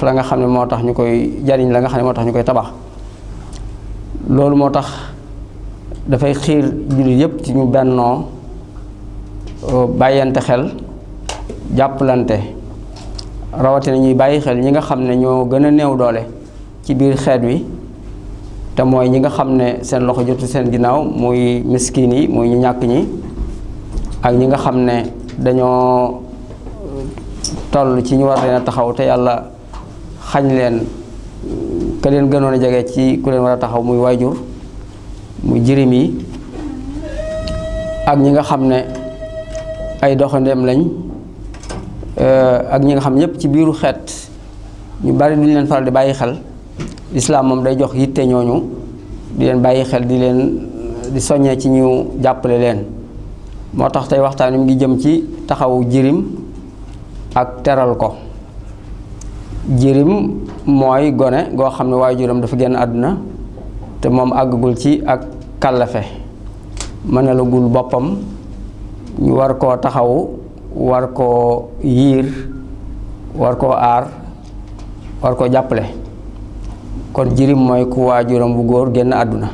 def la nga xam ne moo tax ñu koy jariñ la nga xam ne moo tax ñu koy tabax loolu moo tax dafay xiir jullit yépp ci ñu bennoo euh, bàyyante xel jàppalante rawatina ñuy bàyyi xel ñi nga xam ne ñoo gën a néew doole ci biir xeet wi te mooy ñi nga xam ne seen loxo jotu seen ginnaaw muy miskin yi muy ñu ñàkk ñi ak ñi nga xam ne dañoo euh, toll ci ñu war leen a taxaw te yàlla xañ leen ka leen a jege ci ku leen war a taxaw muy waajur muy jirim yi ak ñi nga xam ne ay doxandeem lañ eh, ak ñi nga xam ñëpp ci biiru xeet ñu bari duñ leen faral di bàyyi xel lislaam moom day jox yitte ñooñu di leen bàyyi xel di leen di soññee ci ñu jàppale leen moo tax tey waxtaan wi mu ngi jëm ci taxawu jirim ak teral ko jirim mooy gone goo xam ne waajuram dafa génn àdduna te moom àggagul ci ak kàllafe mënalagul boppam ñu war koo taxawu war koo yiir war koo aar war koo jàppale kon jirim mooy ku waajuram bu góor genn àdduna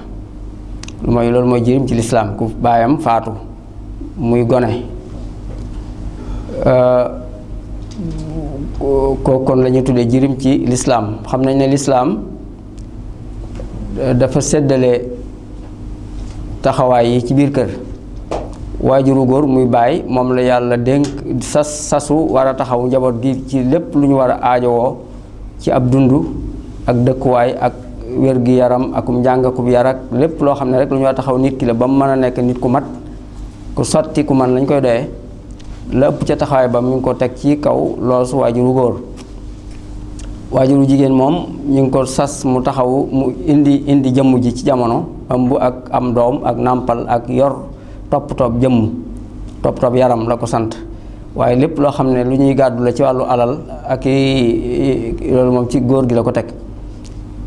mooy loolu mooy jirim ci lislaam ku baayam faatu muy gone euh, ko kon tuddee jirim ci lislaam xam nañ ne lislaam dafa seddale taxawaay yi ci biir kër waajuru góor muy baay moom la yàlla dénk sas sasu war a taxaw njaboot gi ci lépp lu ñu war a aajowoo ci ab dund ak dëkkuwaay ak wér gi yaram ak njàng akub yar lépp loo xam ne rek lu ñu war taxaw nit ki la ba mu mën a nekk nit ku mat ku sotti ku man lañ koy doyee la ci taxaway ba mi ngi ko tek ci kaw loos wajuru gor wajuru jigen mom ñu ko sas mu taxaw mu indi indi jëm ji ci jamono bu ak am dom ak nampal ak yor top top jëm top top yaram la ko sant waye lepp lo xamne lu ñuy gaddu la ci walu alal ak lool mom ci gor gi la ko tek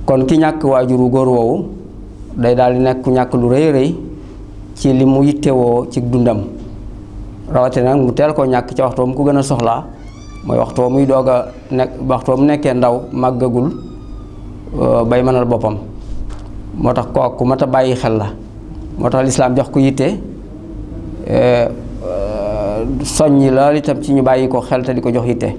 kon ki ñak wajuru gor woowu day dal di nek ku lu reey reey ci limu yitte wo ci dundam rawati nag mu tel ko ñak ci waxtom ku gëna soxla moy waxtom muy doga nek waxtom nekké ndaw maggagul euh, bay manal bopam motax ko ko mat mata bàyyi xel la motax l'islam jox ko euh, euh, soñi la li tam ci ñu bayyi ko xel ta di ko jox yité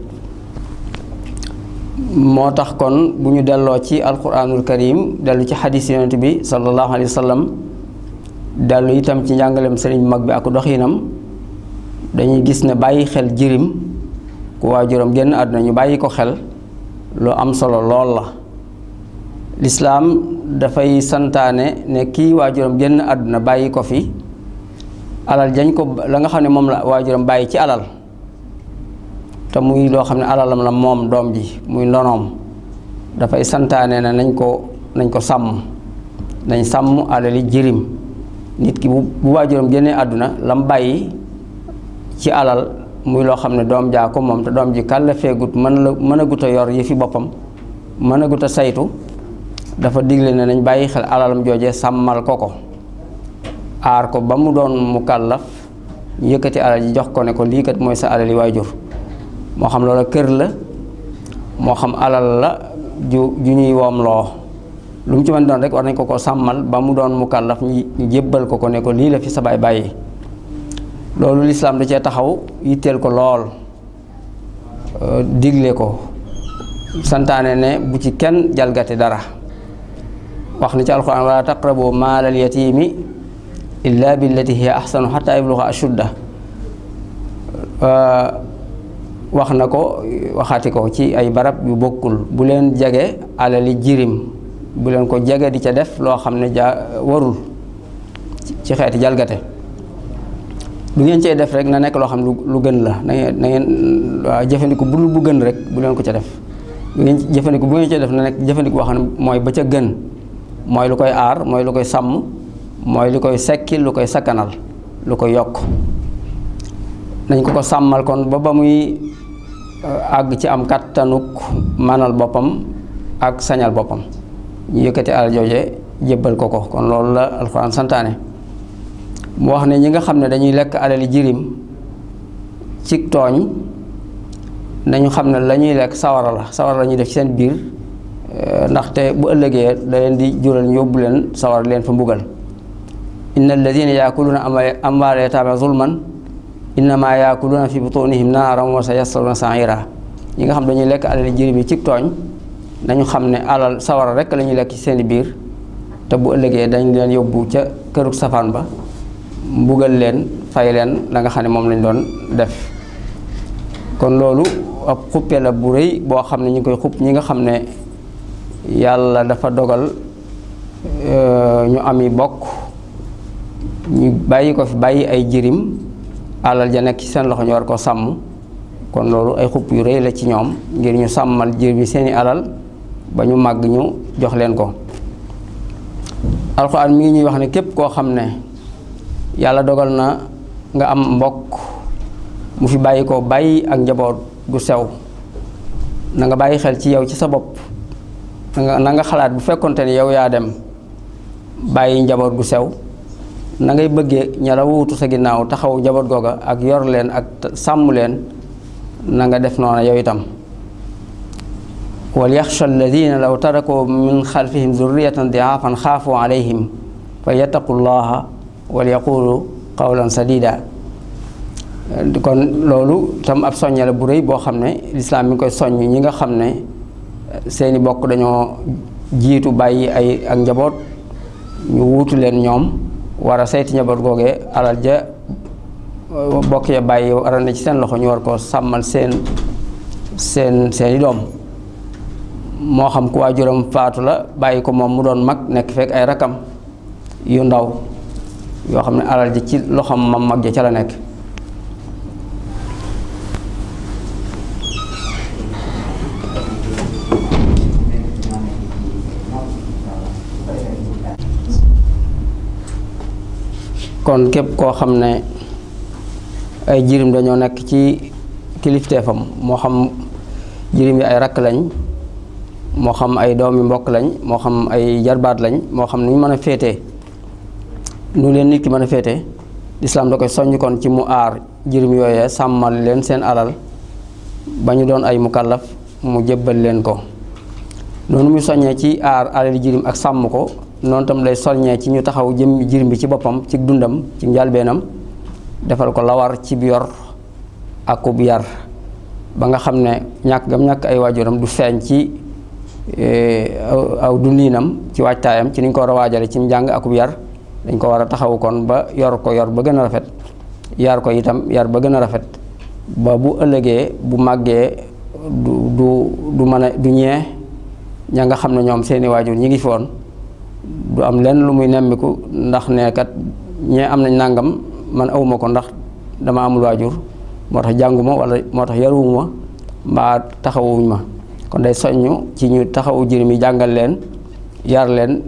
motax kon buñu dello ci alquranul karim dello ci hadith yonent bi sallallahu alaihi wasallam sallam itam ci jangalem serigne mag bi ak doxinam dañuy gis ne bàyyi xel jirim ku waajuram génn àdduna ñu bàyyi ko xel lu am solo lool la lislaam dafay santaane ne kii waajuram génn àdduna bàyyi ko fi alal jañ ko la nga xam ne moom la waajuram bàyyi ci alal te muy loo xam ne alalam la moom doom ji muy ndonoom dafay santaane ne nañ ko nañ ko sàmm nañ sàmm alali jirim nit ki bu waajuram génnee àdduna lam bàyyi ci alal muy lo xamne dom ja jaa ko mom te dom ji gut man la mën a ta yor yefi bopam mën guta gut a saytu dafa diglé né nañ bayyi xel alalam jojé samal ko ar ko ba mu doon mu kàllaf yëkkati alal ji jox ko né ko lii kat moy sa alali waajur mo xam loola kër la mo xam alal la ju ju ñuy woom lo lu mu ci man don rek war nañ ko ko samal ba mu doon mu kàllaf ko ko né ko lii la fi sa bay bayyi lolou l'islam da ci taxaw yitel ko lol euh, digle ko santane ne bu ci kenn jalgati dara wax na ci alquran wala taqrabu al yatimi illa billati hi ahsanu hatta yablugha ashudda euh, wax nako ko waxaati ko ci ay barab yu bokkul bu leen jege alali jirim bu len ko jage di ca def lo xamne warul ci xeeti jalgate du ngeen cee def rek na nekk loo xam lu gën la na ngeen bu bu gën rek bu leen ko ca def bu ngeen jëfandiku bu ngeen cee def na nekk jëfandiku boo xam ne mooy ba ca gën mooy lu koy aar mooy lu koy sàmm lu koy sekki lu koy lu koy nañ ko ko kon ba ba muy euh, àgg ci am manal bopam ak sañal bopam ñu yëkkati alal jooje ko ko kon loolu la alxuraan santane mu wax ne ñi nga xam ne dañuy lekk alali jirim ci tooñ nañu xam ne la ñuy lekk sawara la sawara la ñuy def seen biir euh, ndaxte bu ëllëgee da leen di jural yóbbu leen sawara leen fa mbugal inna alladina yaakuluuna amwaala yataama zulman innama yaakuluuna fi butunihim naaran wa sa yaslawna saira ñi nga xam dañuy lekk alali jirim yi ci tooñ nañu xam ne alal sawara rek lañuy lekk ci seen biir te bu ëllëgee dañ leen yóbbu ca këru safaan ba mbugal leen fay leen la nga xam ne moom lañu doon def kon loolu ab xuppe la bu rëy boo xam ne ñu koy xupp ñi nga xam ne yàlla dafa dogal euh, ñu am yi bokk ñu bàyyi ko fi bàyyi ay jirim alal ja nekk ci seen loxo ñu war ko sàmm kon loolu ay xupp yu rëy la ci ñoom ngir ñu sàmmal jirim yi seeni alal ba ñu màgg ñu jox leen ko alxuraan mi ngi ñuy wax ne képp koo xam ne yàlla dogal na nga am mbokk mu fi bàyyi ko bàyyi ak njaboot gu sew na nga bàyyi xel ci yow ci sa bopp na nga xalaat bu fekkonte ne yow yaa dem bàyyi njaboot gu sew na ngay bëggee ña la wuutu sa ginnaaw taxaw njaboot googa ak yor leen ak sàmm leen na nga def noona yow itam wal yaxsha alladina tarakoo min xalfihim zurriyatan diaafan xaafoo alayhim fa yattaqullaha wal yaqulu sa sadida kon loolu tam ab soññe la bu rëy boo xam ne lislaam mi ngi koy soññ ñi nga xam ne eh, seeni bokk dañoo jiitu bàyyi ay ak njaboot ñu wuutu leen ñoom war a saytu njaboot googee alal ja eh, bokk ya bàyyi waral na ci seen loxo ñu war ko sàmmal seen seen seeni doom moo xam ku waajuram faatu la bàyyi ko moom mu doon mag nekk fekk ay rakam yu ndaw yoo xam ne alal ji ci loxoom mam mag ja ca la nekk kon képp koo xam ne ay jirim dañoo nekk ci kilifteefam moo xam jirim yi ay rakk lañ moo xam ay doomi mbokk lañ moo xam ay jarbaat lañ moo xam nu mën a féete nu leen nit ki mën a féete lislaam da koy soññ kon ci mu aar jirim yooyee sàmmal leen seen alal ba ñu doon ay mukallaf mu jébbal leen ko noonu muy soññee ci aar alali jirim ak sàmm ko noonu tam lay soññee ci ñu taxaw jëm jirim bi ci boppam ci dundam ci njàlbeenam defal ko lawar ci yor ak kub yar ba nga xam ne ñàkk gam ñàkk ay waajuram du seeñ ci eh, aw dundiinam ci waajtaayam ci niñ ko war a waajale ci njàng akub yar dañ ko war a taxawu kon ba yor ko yor ba gën a rafet yar ko itam yar ba gën a rafet ba bu ëllëgee bu màggee du du du mën a du ñee ña nga xam ne ñoom seeni waajur ñi ngi fi woon du am lenn lu muy nemmiku ndax ne kat ñee am nañ nàngam man awuma ko ndax dama amul waajur moo tax jànguma walla moo tax yaruwuma mbaa taxawuñ ma kon day soññu ci ñu taxawu jirim yi jàngal leen yar leen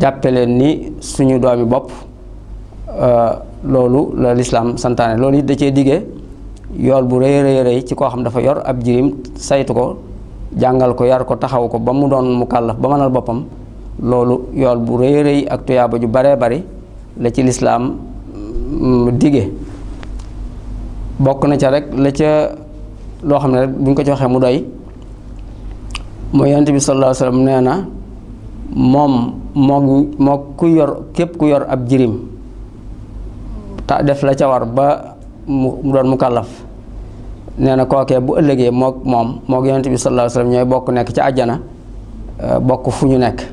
jappelé ni suñu doomi bopp euh, lolu la l'islam santane lolu da cee diggee yol bu reey reey reey ci ko xam dafa yor ab jirim saytu ko jangal ko yar ko taxaw ko ba mu doon mu ba manal bopam lolu yol bu reey reey ak ju bare bare la ci l'islam mm, dige bok na ca rek la ca lo xamne buñ ko ci waxe mu doy moy sallallahu alayhi wasallam neena moom moog mook ku yor képp ku yor ab jirim ta def la ca war ba mu doon mu kàllaf nee na kookee bu ëllëgee moog moom moog yonent bi sallallahu alayhi ñooy bokk nekk ci àjjana euh, bokk fu ñu nekk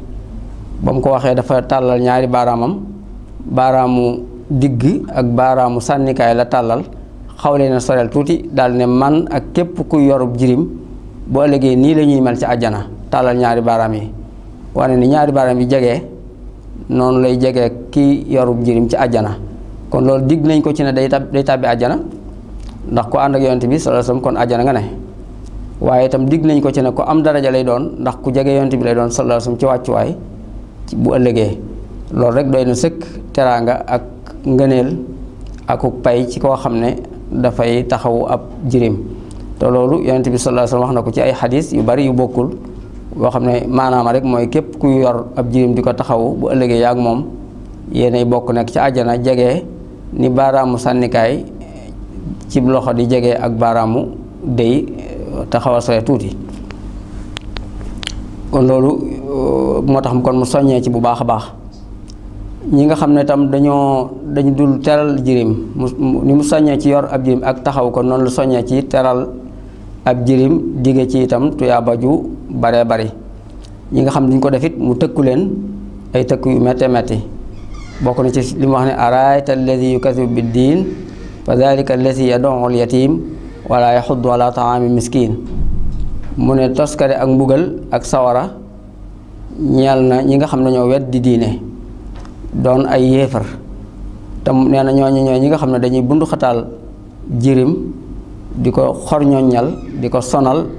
ba mu ko waxee dafa tàllal ñaari baaraamam baaraamu digg ak baaraamu sànnikaay la tàllal xawle na soreel tuuti daal ne man ak képp ku yorub jirim bu ëllëgee nii la ñuy mel ci àjjana tàllal ñaari baaraam yi wane ni ñaari baaraam yi jege noonu lay jege kii yorub jirim ci àjjana kon loolu digg nañ ko ci ne day tab day tàbbi àjjana ndax ko ànd ak yonent bi sallallahu alayhi wasallam kon àjjana ne waaye itam digg nañ ko ci ne ko am daraja lay doon ndax ku jege yonent bi lay doon sallallahu alayhi wasallam ci wàccuwaay bu ëllëgee loolu rek doy na sëkk teraanga ak ngëneel akuk pay ci koo xam ne dafay taxawu ab jirim te loolu yonent bi sallallahu alayhi wasallam wax na ko ci ay xadis yu bari yu bokkul boo xam ne maanaam rek mooy képp ku yor ab jirim di ko taxawu bu ëllëgee ak moom yéenay bokk nekk ci àjjana jege ni baaraamu sànnikaay ci loxo di jege ak baaraamu dey eh, taxawal sore tuuti kon loolu eh, moo tax kon mu soññee ci bu baax a baax ñi nga xam ne tam dañoo dañu dul teral jirim ni mu soññee ci yor ab jirim ak taxaw ko noonu lu soññee ci teral ab jirim digge ci itam tuyaaba ju bare bari ñi nga xam ni ko defit mu tekku len ay tekku yu metti metti bokku na ci limu wax ni araita araayta alladi bid-din fa dalika alladi yad'u al yatim wala yahuddu ala taami miskin mu ne toskare ak mbugal ak sawara ñal na ñi nga xam ne ñoo di diine don ay yéefar te neena na ñooñu ñooy ñi nga xam ne dañuy bundu xatal jirim di ko xor ñoññal di ko sonal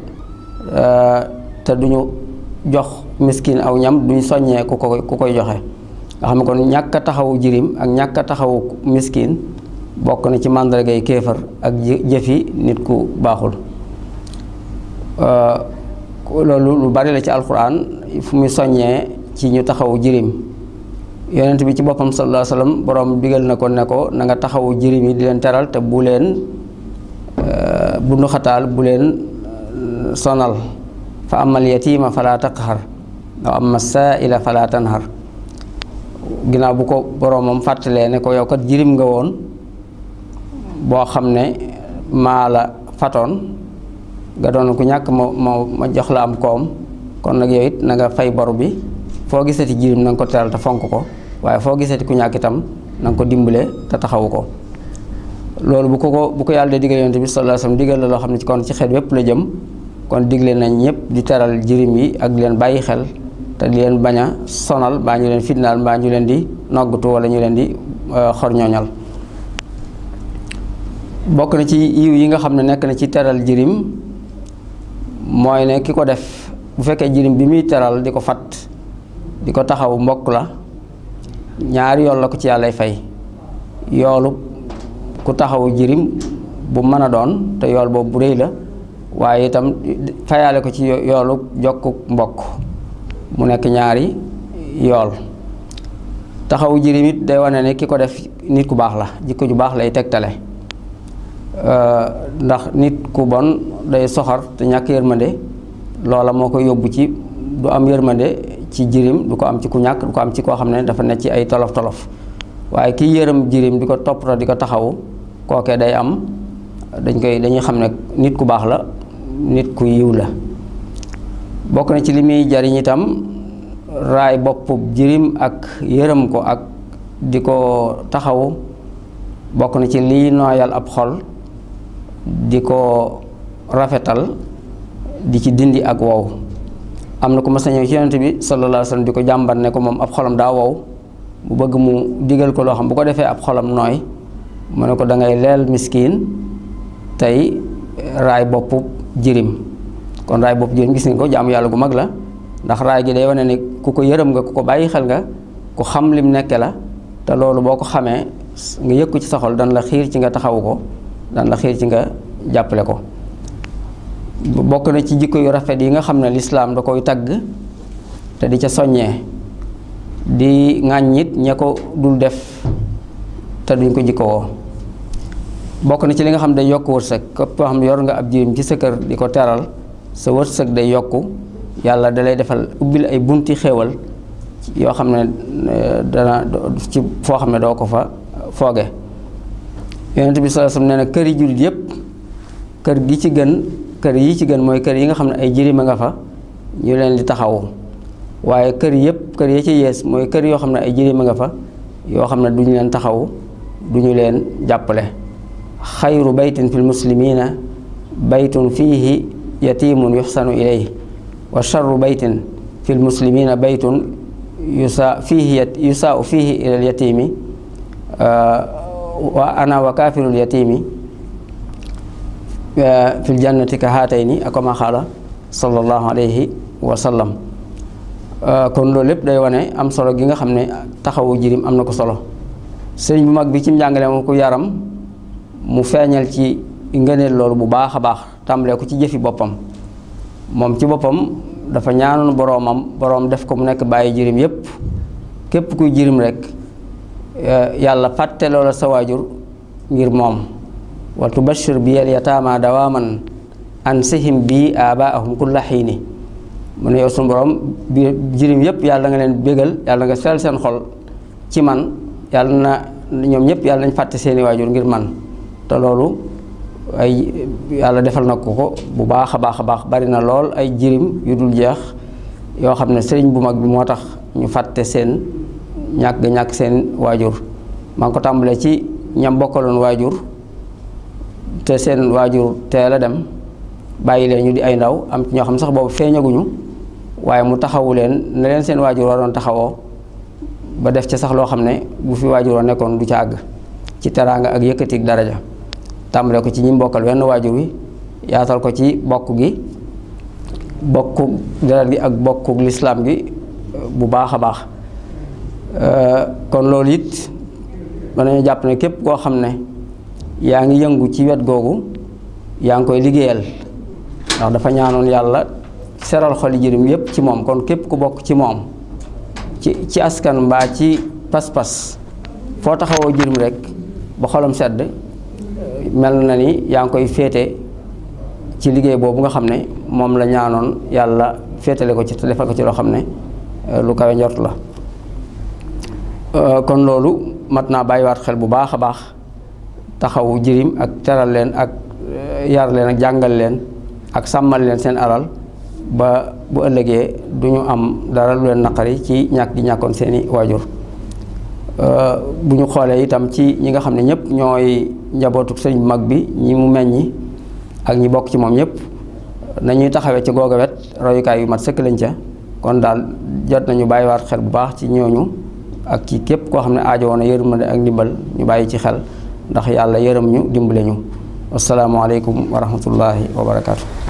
euh, te duñu jox miskin aw ñam duñ soñé ku ko ku koy joxé nga xam ne kon ñaka taxaw jirim ak ñaka taxaw miskin bokk na ci màndargay kéfer ak jëfi nit ku euh lolu lu bari la ci alcorane fu muy soñé ci ñu taxaw jirim yonent bi ci bopam sallallahu alayhi wasallam borom digal na ko ne ko na nga taxaw jirim yi di len teral te bu len euh bu len euh, sonal fa ama alyatiima falaa taqhar wa ama saaila falaa tanhar ginnaaw bu ko boroomam fàttalee ne ko yow kat jirim nga woon boo xam ne maa la fatoon nga doon ku ñàkk ma ma ma jox la am koom kon nag yow it na nga fay bor bi foo gisati jirim na nga ko teral te fonk ko waaye foo gisati ku ñàkk itam na ko dimbale te taxawu ko loolu bu ko ko bu ko yàlla dee digal yonent bi sallallahu alayhi wasallam digal loo xam ne ci kon ci xeet wépp la jëm kon diglé nañ ñëpp di teral jirim yi ak leen bayyi xel té di leen baña sonal ba ñu leen fitnal ba ñu leen di noggatu wala ñu leen di euh, ñoñal bok na ci yiw yi nga xamné nek na ci teral jirim moy né kiko def bu féké jirim bi mi teral diko fat di taxaw mbokk la ñaar yoll la ko ci yalla fay yoolu ku taxaw jirim bu mana doon té yool boobu bu la waaye itam fayaale ko ci yoolu jokku mbokk mu nekk ñaari yool taxawu jirim it day wane ne ki ko def nit ku baax la jikko ju baax lay tegtale ndax nit ku bon day soxor te ñàkk yërmande loola moo ko yóbbu ci du am yërmande ci jirim du ko am ci ku ñàkk du ko am ci koo xam ne dafa nekk ci ay tolof tolof waaye ki yërëm jirim di ko toppatoo di ko taxawu kookee day am dañ koy dañuy xam ne nit ku baax la nit ku yiw la bokk na ci li muy jariñ itam raay jirim ak yërëm ko ak diko ko taxawu bokk na ci li noyal ab xol di rafetal di ci dindi ak wow am na ku mas ñëw ci yonent bi sallallahu alayhi wasallam di ko jàmbat ne ko moom ab xolam daa wow bu bëgg mu digal ko loo xam bu ko defee ab xolam noy mu ko da ngay leel miskin tey raay boppub jirim kon raay bopp jirim gis ngeen ko jaamu yàlla gu mag la ndax raay gi day wane ne ku ko yërëm nga ku ko bàyyi xel nga ku xam lim nekke la te loolu boo ko xamee nga yëkku ci saxol dan la xiir ci nga taxawu ko dan la xiir ci nga jàppale ko bokk na ci jikko yu rafet yi nga xam ne lislaam da koy tagg te di ca soññee di ŋàññit ña ko dul def te duñ ko jikkowoo bokk na ci li nga xam day yokk wërsëg képp xam yor nga ab jirim ci sa kër diko ko teral sa wërsëg day yokku yalla dalay defal ubbil ay bunti xéewal yo xamne eh, dana ci fo xamne do ko fa fooge yonent bi sallallahu alayhi wasallam nee kër yi jullit yépp kër gi ci gën kër yi ci gën moy kër yi nga xamne ay jirima nga fa ñu leen di taxaw waye kër yépp kër ya ci yes moy kër yo xamne ay jirima nga fa yo xamne duñu leen taxaw duñu leen jàppale خير بيت في المسلمين بيت فيه يتيم يحسن إليه وشر بيت في المسلمين بيت يساء فيه يساء فيه إلى اليتيم آه، وأنا وكافر اليتيم آه، في الجنة كهاتين أكما قال صلى الله عليه وسلم آه، كن لو لب day wane am solo gi nga xam ne taxawu jirim am na ko solo sëriñ bu mag bi ci mu feñal ci ngeenel lolu bu baakha baax tambale ko ci jëfi bopam mom ci bopam dafa ñaanoon boroomam boroom def ko mu nek baye jirim yépp kep kuy jirim rek eh, yalla fatte lolu sa wajur ngir mom wa tubashshir bi al yatama dawaman an bi abaahum kull xiini mu ne yow borom jirim yépp yalla nga len bégal yalla nga sel sen xol ci man yalla na ñom ñëpp yalla lañ fatte seeni wajur ngir man te lolu ay yalla defal nako ko bu baakha baakha baax bari na lol ay jirim yu dul jeex yo xam sëriñ bu mag bi motax ñu fàtte sen ñak ga ñak sen wajur maa ko tàmbalee ci ñam bokkalon wajur te sen wajur la dem ñu di ay ndaw am ci ñoo xam sax boobu feeñaguñu waye mu taxawu leen na len sen wajur waron wajur ba def ci sax lo xam bu fi nekkon du ci ag ci teranga ak daraja tamale ko ci ñi mbokkal wenn waju wi yaatal ko ci bokku gi bokku deret gi ak bokku l'islam gi eh, bu baax euh kon lool it man ñu japp ne kep ko xamne yaangi yaa yëngu ci wet googu yaang koy liggéeyal ndax dafa ñaanon yalla seral xol jirim yep ci mom kon kep ku bok ci mom ci ci askan ba ci pas-pas fo taxawoo jirim rek ba xolam sedd mel na ni yaa ngi koy féete ci liggéey boobu nga xam ne moom la ñaanoon yàlla féetale ko ci te defal ko ci loo xam ne euh, lu kawe njort la euh, kon loolu mat naa bàyyiwaat xel bu baax a baax taxaw jirim ak teral leen ak euh, yar leen ak jàngal leen ak sàmmal leen seen alal ba bu ëllëgee du ñu am dara lu leen naqari ci ñàkk gi ñàkkoon seeni waajur Euh, bu ñu xoolee itam ci ñi nga xam ne ñëpp ñooy njabootu sëriñ mag bi ñi mu meññi ak ñi bokk ci moom ñëpp nañuy taxawee ci googa wet royukaay yu mat sëkk lañ ca kon daal jot nañu bàyyi waat xel bu baax ci ñooñu ak ci képp koo xam ne aajo woon a yërmande ak ndimbal ñu bàyyi ci xel ndax yàlla yërëm ñu dimbale ñu asalaamaaleykum wa rahmatullahi wa